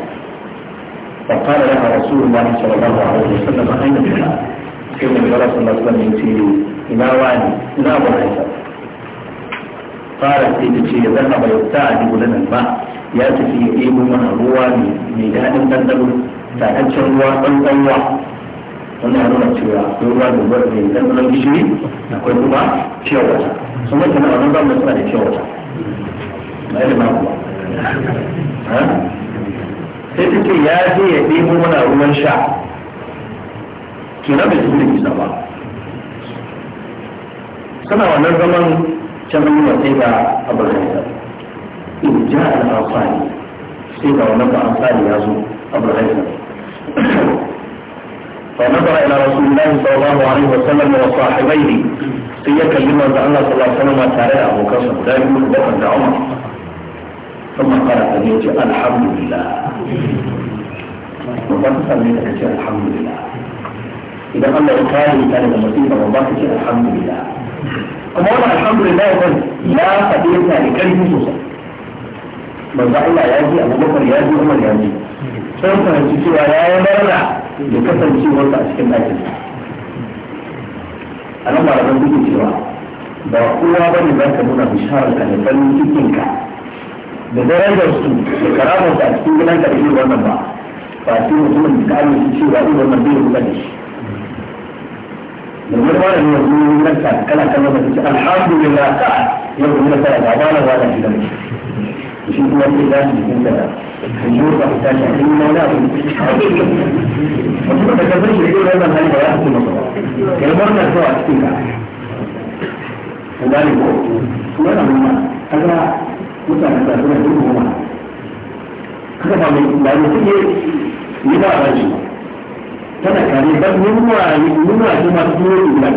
فقال لها رسول الله صلى الله عليه وسلم اين بها؟ قيل الله صلى الله عليه وسلم الى واني الى ابو عيسى قالت تجي ذهب يستعجب لنا الماء ياتي في إيم من الروى ميدان جهه تندب تاتشر الروى تنقوى wannan nuna cewa ruwa da ruwa ne idan nan gishiri akwai kuma ciyar wata sun wata na wannan zamanin suna da ciyar wata ba irin na kuma sai ta ce ya je ya ɗebo mana ruwan sha kina bai tafi da nisa ba suna wannan zaman can an yi sai ga abu da nisa in ja al'amfani sai ga wannan ba'amfani ya zo abu da nisa فنظر إلى رسول الله صلى الله عليه وسلم وصاحبيه سيكلم أن الله صلى الله عليه وسلم تاريخ أبو كسر دائما بكر عمر ثم قال سميت الحمد لله وقد سميت الحمد لله إذا قال kare كان كان المصيبة الحمد لله kuma wannan alhamdulillah wannan ya faɗe ta da ƙarfi sosai manzo Allah ya ji Abu Bakar ya ji Umar ya ji sai ka ji cewa ya yi barna da kasancewar a cikin ɗakin a nan ba da cewa ba kowa ba za ka nuna bisharar ka da farin cikin ka da darajar su da karamar su a cikin gidan karshe wannan ba ba shi mutumin da kamun shi cewa ɗin wannan bai kuka da shi domin wani ne yanzu yin ranka kana kan yadda kake alhamdulillah ka yau kuma nasara ba ba na wala shi da shi shi kuma ke tashi jikin da in yi ba ta shi a cikin wani abu mutum da kafin shi irin wannan hali ba ya fi masa ba kai murna kawai a cikin ka. Kuma ne ko? Kuma na murna. Kaga mutane da suna jin kuma kada ba mai ba mai suke yi ba ba ne tana kare ba nuna nuna shi ma su yi nuna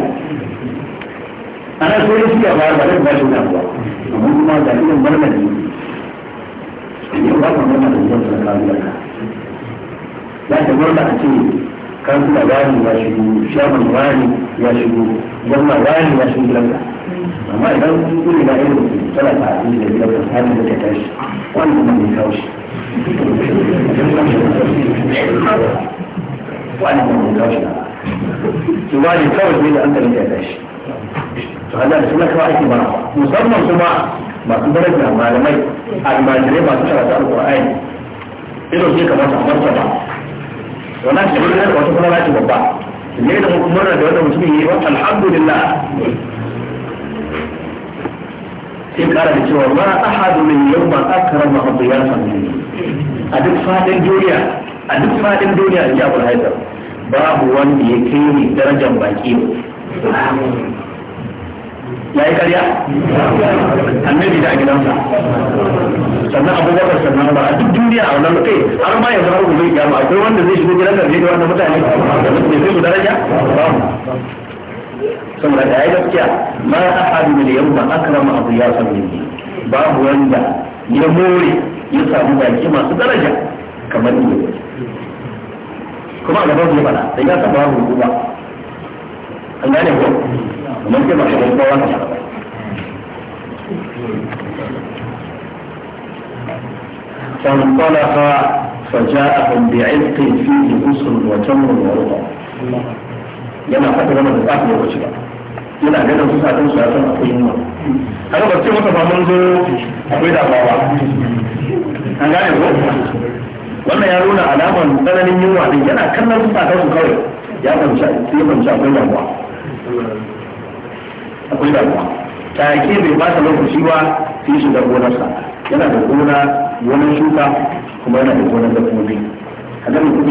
ana so da shi a ba ba da ba shi na ba amma kuma da irin barna ne yau ba ka mana da yau da kawo da ya ta barna a ce kan suna wani ya shigo shaman wani ya shigo gwamna wani ya shigo amma idan kuskure na irin su tana ta a da gida ta sami da ta tashi wani kuma mai kawo shi wani kuma mai kawo shi na su ba ne kawai sai da an kalli ta tashi to hada da suna kawai ake mara musamman kuma masu daraja malamai almajirai masu karatu alƙur'ani irin su kamata a martaba wannan shi ne wata kuma lati babba ne da hukumar da wannan mutumin yi ba alhamdulillah sai kara da cewa ba a ma ahadu min yawma akrama adiyasa minni a duk faɗin duniya a duk faɗin duniya in ji Abu Haidar babu wanda ya kai ni darajar baƙi ba ya yi karya annabi da a gidansa sannan abubakar sannan ba a duk duniya a wannan kai har ma yanzu har gobe ma akwai wanda zai shigo gidansa zai ga wannan mutane da zai su daraja babu saboda da ya gaskiya ma ahadu da yau yawma akrama abu ya san sabbi babu wanda ya more ya samu baki masu daraja kamar ni kuma a gaban zuwa da ya samu babu ruwa an gane ko mun ce ba shi ba wani فانطلق فجاءهم بعتق فيه أسر وتمر ورطب yana faɗi gama da zafi ya wuce ba yana ganin su satin su ya san akwai yunwa a ga bacci masa ba mun zo akwai damuwa an gane ko wannan ya nuna alamar tsananin yunwa din yana kallon su satin su kawai ya fahimci ya fahimci akwai damuwa akwai damuwa take bai ba ta lokaci ba yi shiga gonarsa yana da gona gonar shuka kuma yana da gonar dabbobi a ga su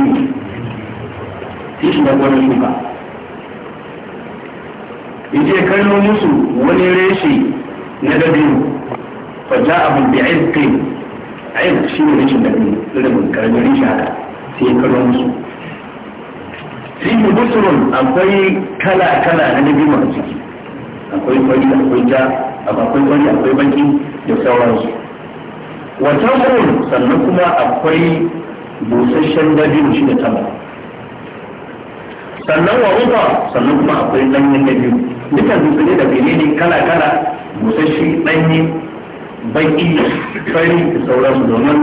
yi shiga gonar shuka yace kallo musu wani reshe na dabino fa ja'a bi izqin ayyuka shi ne rashin dabino irin karamin reshe haka sai ya kallo musu fihi busurun akwai kala kala na dabino a ciki akwai fari akwai ja akwai fari akwai baki da sauransu Wancan tamrun sannan kuma akwai busasshen dabino shi da tamar sannan wa sannan kuma akwai ɗanyen dabino dukkan dutse da ne kala kala musashi, ɗanyi baƙi fari da sauransu domin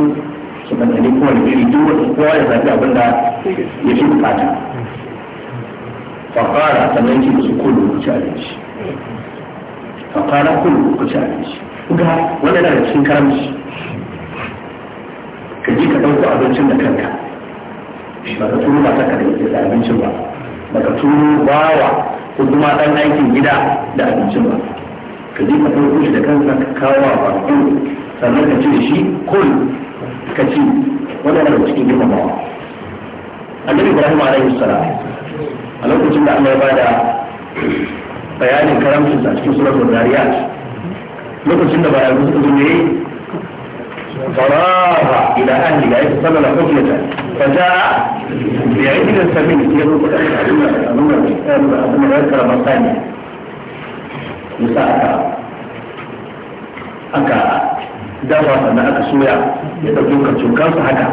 su ɗanɗani kuma da iri duk wata kowa ya zafi abin da ya fi bukata fakara sannan ki musu kulu ku ci abinci fakara kulu ku ci abinci kuga wanda yana da cikin karamci ka ji ka ɗauko abincin da kanka ba ka turu ba ta kada ya abincin ba ba ka ba bawa ko kuma ɗan aikin gida da abincin ba ka je ka ɗauko shi da kansa ka kawo wa bako sannan ka ce shi kul ka ci wannan ba cikin girmamawa annabi ibrahim alaihi salam a lokacin da Allah ya bada bayanin karamcinsa a cikin suratul zariyat lokacin da bayan suka zo ne فراغ إلى أهله يتسلل حكمة فجاء بعيد السبيل يقول أنه يذكر مصانع مساء aka dafa sannan aka soya ya ɗauki kansu haka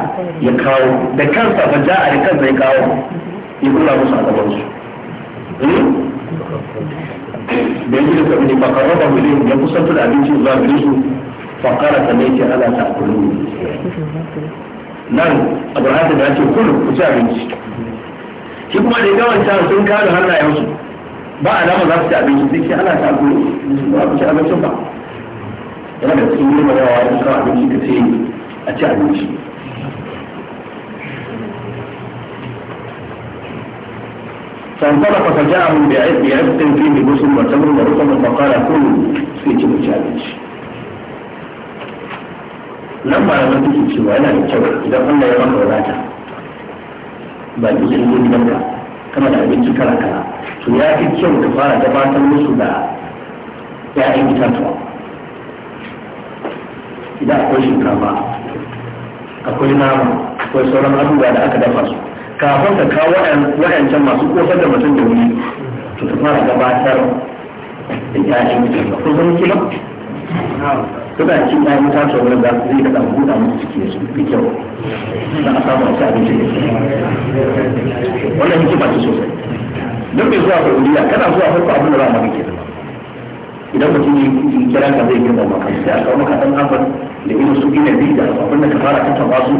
ya kawo da kansa fa ja'a da kansa ya kawo ya kula musu a gabansu da yake da sabbin ba mu ya kusantar abinci zuwa gare su فقالت سميك ألا تأكلون نعم أبو عادة بأنت كله كتاب نسك كيف ما لقوا أنت أرسل كانوا هلا يوصل بقى لما ذات تأبين ألا تأكلون نسك بقى أبو سبع أنا بسيني ولا كثير أتعب فانطلق فجاءهم بعز بعز في مجلس وتمر ورقم فقال كل في تمشي nan ba yawan suke cewa yana da kyau idan Allah ya maka wadata ba ki yi yin gidanka kana da abinci kala kala to ya fi kyau ka fara gabatar musu da ya'yan itatuwa idan akwai shinkafa akwai nama akwai sauran abubuwa da aka dafa su kafin ka kawo wayancan masu kosar da mutum da wuri to ka fara gabatar da ya'yan itatuwa ko zan kila suna cin ya mutan sau wani zafi zai ɗan buɗa musu ciki su fi kyau na a samu wasu abinci ne wannan hikima ce sosai don bai zuwa saudiya kana zuwa farko abin da za a maka idan mutum ya kira ka zai girma maka sai a kawo maka ɗan abin da irin su gina biyu da abin da ka fara kanta ba su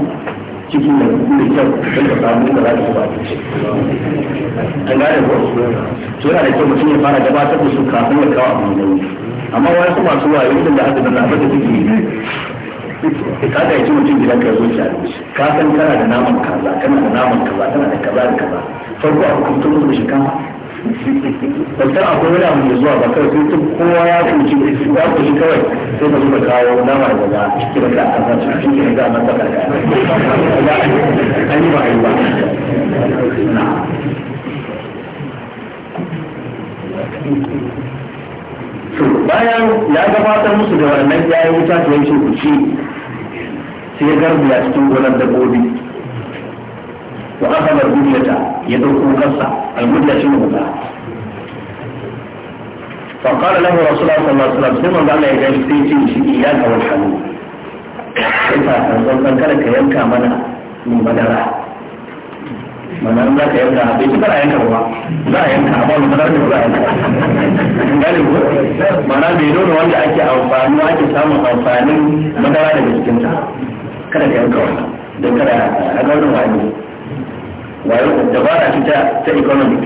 ciki da kuma kyau don ka samu da za ka ba ta ce. An gane ko? To yana da kyau mutum ya fara gabatar da su kafin ya kawo abu da wuri. Amma wani su masu wayo idan da aka zanna abin da suke yi. Ka ga yake mutum gidan ka zuciya ka san kana da naman kaza kana da naman kaza kana da kaza da kaza. Farko a hukuntun musu shi kama wata akwai wani abu da zuwa ba kai sai tun kowa ya kuci ya kuci kawai sai ka da kawo nama daga cikin da aka sa cikin cikin da ta, saka an yi ba a yi ba bayan ya gabatar musu da wannan ya yi yayin itatuwan shi kuci sai a cikin gonar dabbobi wa akhadha al-bunyata ya dauko kansa al-mudda shi wuta fa qala lahu rasulullah sallallahu alaihi wasallam sai manzo Allah ya gaishe sai ya ce shi iyaka wal halu sai fa san kada ka yanka mana mu madara manar za ka yanka bai ci kana yanka ba za a yanka ba mu sanar da za a yanka gani ko mana bai nuna wanda ake amfani ake samun amfanin madara daga cikin ta kada ka yanka wannan don kada a ga wannan wani wayo dabara ce ta ta economic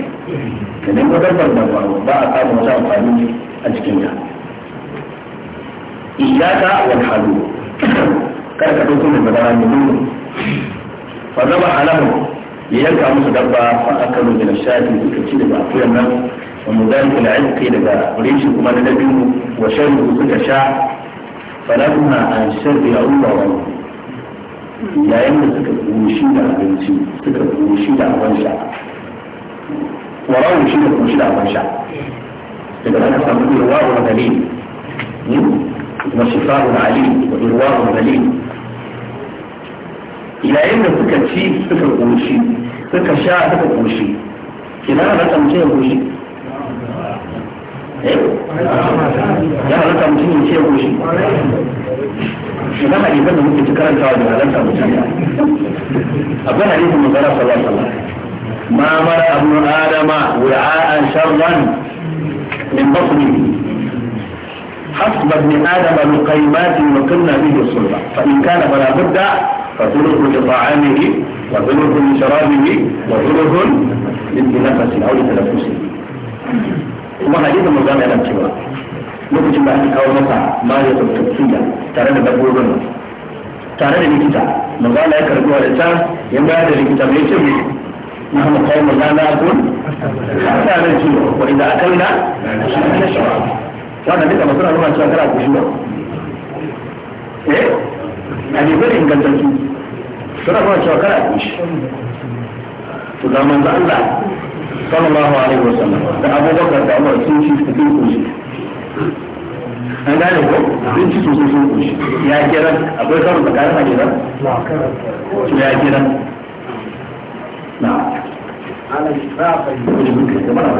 ka nemo dabbar da ba a samu wata amfani a cikin ta iyaka wal halu kar ka dauko da dabara ne mun fa zama alahu ya yanka musu dabba fa akalu min ashati suka ci daga akuyan nan wa mudalik al aizqi daga rishi kuma na dabi'u wa sharibu suka sha falamma an shari'a Allah wa yayin da suka koshi da abinci suka koshi da abin sha warawu shi da koshi da abin sha daga nan samu irwaru dalil wa hmm? shifa'u alim wa irwaru dalil yayin da suka ci suka koshi suka sha suka koshi kina na tamce ya koshi ya halatta mutum ya ce ya idan a idan da muke cikin karanta wa da halarta mu ci ya abin a yin magana sallallahu alaihi ma mara abu adama wa'a'an sharran min basri حسب ابن ادم بقيمات وكنا به الصلبه فان كان فلا بد فثلث لطعامه وثلث لشرابه وثلث لتنفسه او لتنفسه. وما حديث مرزان الى الكبار. lokacin da ake kawo masa mariya tabbatattu da tare da dabbobin tare da likita mazala ya karbi wa ta ya bayar da likita mai ce mu na hama kawo a kun a tsarin ciwo wani da akalla da shi ne ya shawa wanda masu rana cewa kara ku ba eh a da suna to Allah da abubakar sun an gane ko zai ci sosai sun kushi ya kira akwai karin a kira ya kira na ba ta wanda a zai cutar da ba na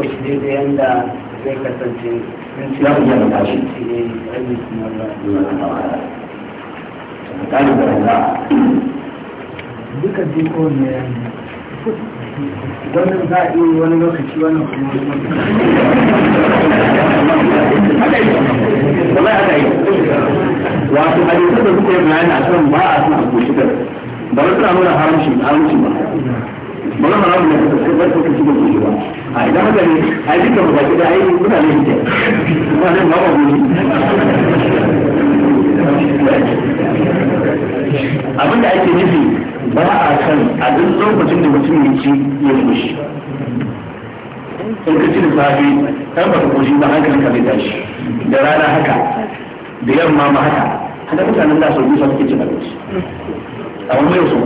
ne da yanda zai kasance sun ci yana tashi ne kuma ba duka ne wannan za a iya wani lokaci kuma wani haka yi da suke bayani a kan ba a san abu shi da ba wasu na nuna haramci haramci ba ba na haramu ne da sai bai kuka cikin kushi ba a idan haka ne a yi duka mutane da ayi mutane ne ba ne ba ba ne abinda ake nufi ba a san a duk lokacin da mutum ya ci ya kushi in ka ci da safe kan ba ka kushi ba hankali ka zai tashi da rana haka da yamma ma haka kada mutanen da su biyu suke cin abinci a wani yau su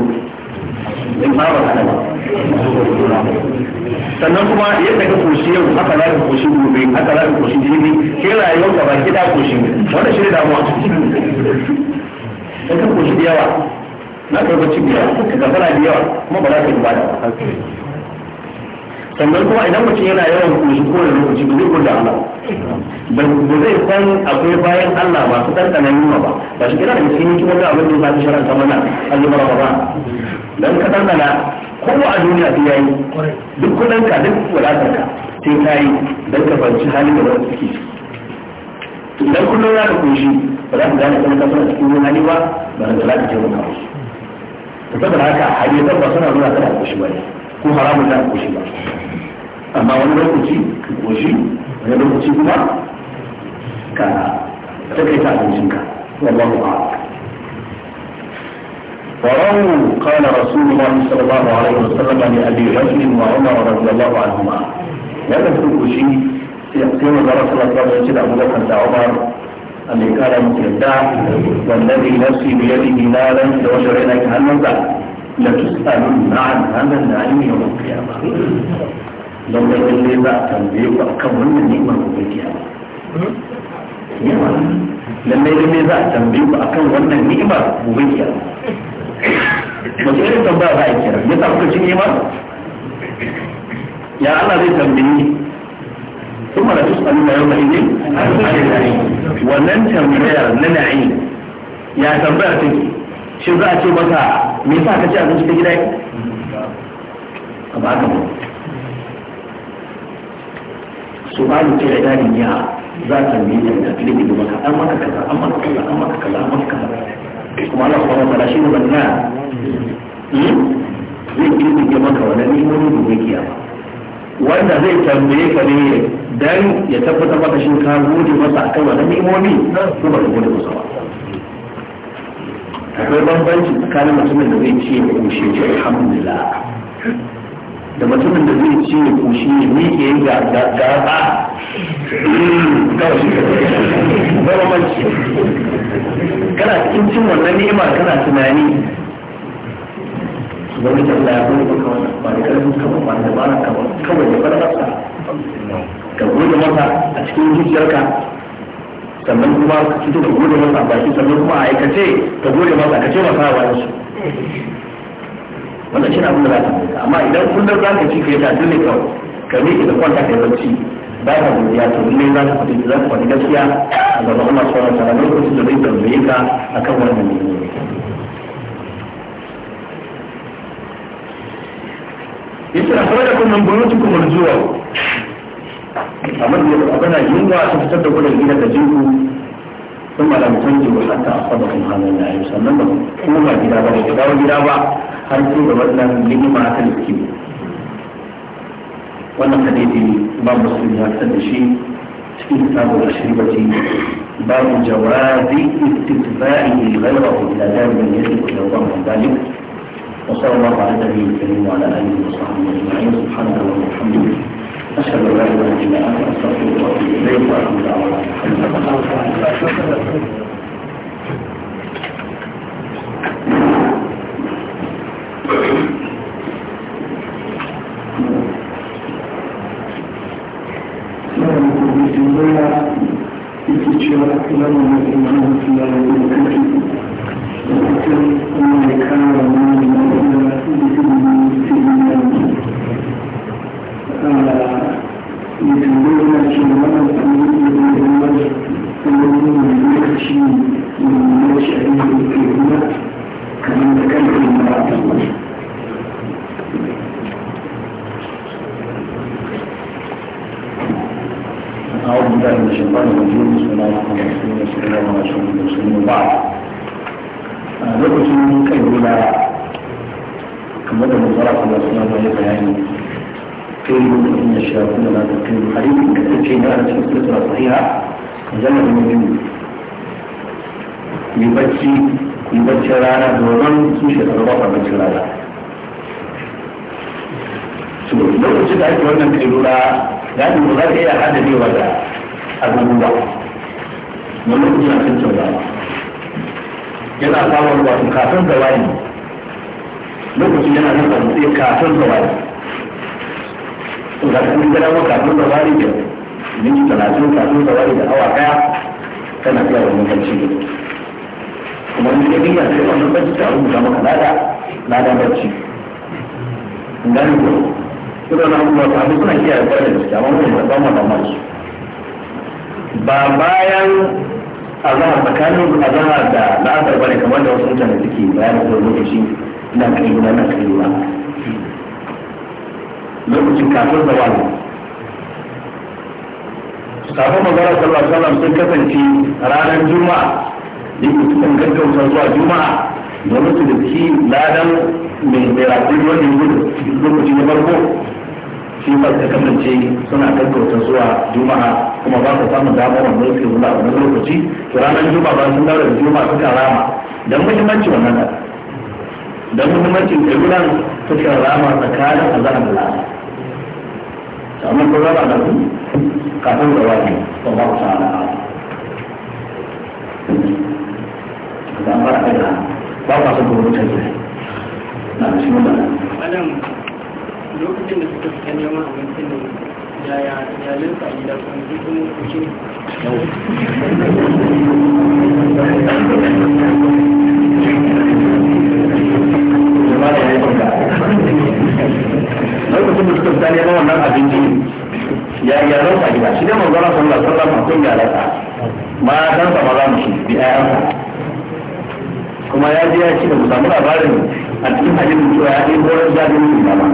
in ba ba hana ba sannan kuma yadda ka koshi yau haka za ka koshi gobe haka za ka koshi jini ke rayuwar gaba ki ta koshi wanda shi ne damuwa in ka koshi da yawa na kai bacci biya ka gafara da yawa kuma ba za ka yi ba da sannan kuma idan mutum yana yawan kushi ko da lokaci ba zai da Allah ba zai san akwai bayan Allah masu ɗanɗanan yunwa ba ba shi kira da cikin hikimar da abin da ya fi sharanta mana azumin Ramadan dan ka ɗanɗana kowa a duniya sai yayi duk kuɗin ka duk wadatar ka sai ka yi dan ka fahimci halin da wani suke idan kullum ya ka kunshi ba za ka gane kuma ka suna cikin wani hali ba ba za ka taimaka musu saboda haka hadisan ba suna nuna kada koshi ba ko haramun da koshi ba amma wani lokaci ka koshi wani lokaci kuma ka takaita abincinka wallahu a'lam ورووا قال رسول الله صلى الله عليه وسلم لأبي بكر وعمر رضي الله عنهما لا تتركوا شيء يقيم الرسول صلى الله عليه وسلم أبو بكر وعمر a ya kara yadda nafsi bi ni na ran, da wata rai na hannunsa Na da don za a tambaye ku wannan a tambaye wannan ni'imar kiyama irin tambaya za a kira ya sa kuka ci ya ana zai tambaye kuma da tusa nuna yau mai ne wannan tambayar na na'i ya tambayar take shi za a ce maka me yasa ci ta gida su ba ce da ya za ta yi da kilibi da maka an maka kaza an maka kaza an maka kaza an maka kaza kuma Allah kuma wa shi ne banna zai kilibi ya maka wannan ne da yake ya wanda zai tambaye ka ne dan ya tabbatar maka shi ka gode masa akan wannan imomi ko ba ka gode masa ba akwai bambanci tsakanin mutumin da zai ce ya kushe ce alhamdulillah da mutumin da zai ce ya kushe ke miƙe ga gaba hmm, ba bambanci kana cikin cin wannan ni'ima kana tunani wani da ya zo ba da karfin kama ba da ba na kama kawai da farfasa ka gode masa a cikin zuciyarka sannan kuma ka fito ka gode masa a baki sannan kuma a aikace ka gode masa ka ce masa wani su wannan shi na abin da za ka mai amma idan kullum za ka ci ka yi tafi ne kawai ka miƙe da kwanta ka yi barci ba ka ya to ne za ka fito za ka faɗi gaskiya a gaba kuma subhanahu wa ta'ala lokacin da zai tambaye ka a kan wannan ne يسرح لكم من بيوتكم al-zuwa amma da abana yunwa ta fitar da kudin gida da jinku sun ma da mutum jiwo hatta a saba kan hannun na yau sannan ba kuma gida ba da dawo gida ba har sai da wannan ligima ta liski wannan hadisi ba musulmi ya fitar da shi cikin kitabun ashiribati babu jawazi istitba'i ghayrahu ila dalil yadda kullu wa min dalik وصلى الله على النبي الكريم وعلى اله وصحبه اجمعين سبحانه وتعالى أشهد أن لا إله إلا أنت أستغفرك وأتوب إليك وأتوب إلى Thank you. gaba da abubuwa yana tattaunawa yana samun wato kafin zawai lokacin yana nan kwanci kafin ga kafin da talatin kafin da awa daya tana iya wannan kwanci ne kuma in sai bacci ta rubuta maka lada lada bacci ko kuma na kuma ta suna kiyaye da ba ba bayan azahar tsakanin azahar da la'asar bane kamar da wasu mutane suke bayan da lokaci na kai na na kai ba lokacin kafin da wani safin magana sallar sallar sun kasance ranar juma'a yake kan gaggauta zuwa juma'a domin su da ladan mai mai rafi wani gudu lokacin na farko shi ba ta kasance suna kankauta zuwa juma'a kuma ba su samun damar wanda yake zuwa a wani lokaci to ranar juma'a ba sun dawo da juma'a suka rama dan muhimmanci wannan da dan muhimmancin kiran suka rama tsakanin azhar da la'asar to amma ko rama da su kafin da wani ko ba ku ala da ba ka da ba ka so ko mutunta na shi wannan lokacin da suka a neman abincin da yaya iyalin a gida kuma su kuma kuce lokacin da suka fita neman wannan abinci ya yaran sa gida shi ne manzara sallallahu alaihi wasallam akwai ya sa ma dan sa maza mu shi bi ayansa kuma ya je ya ce da mu labarin a cikin hadisin cewa ya ɗin horar jami'in imama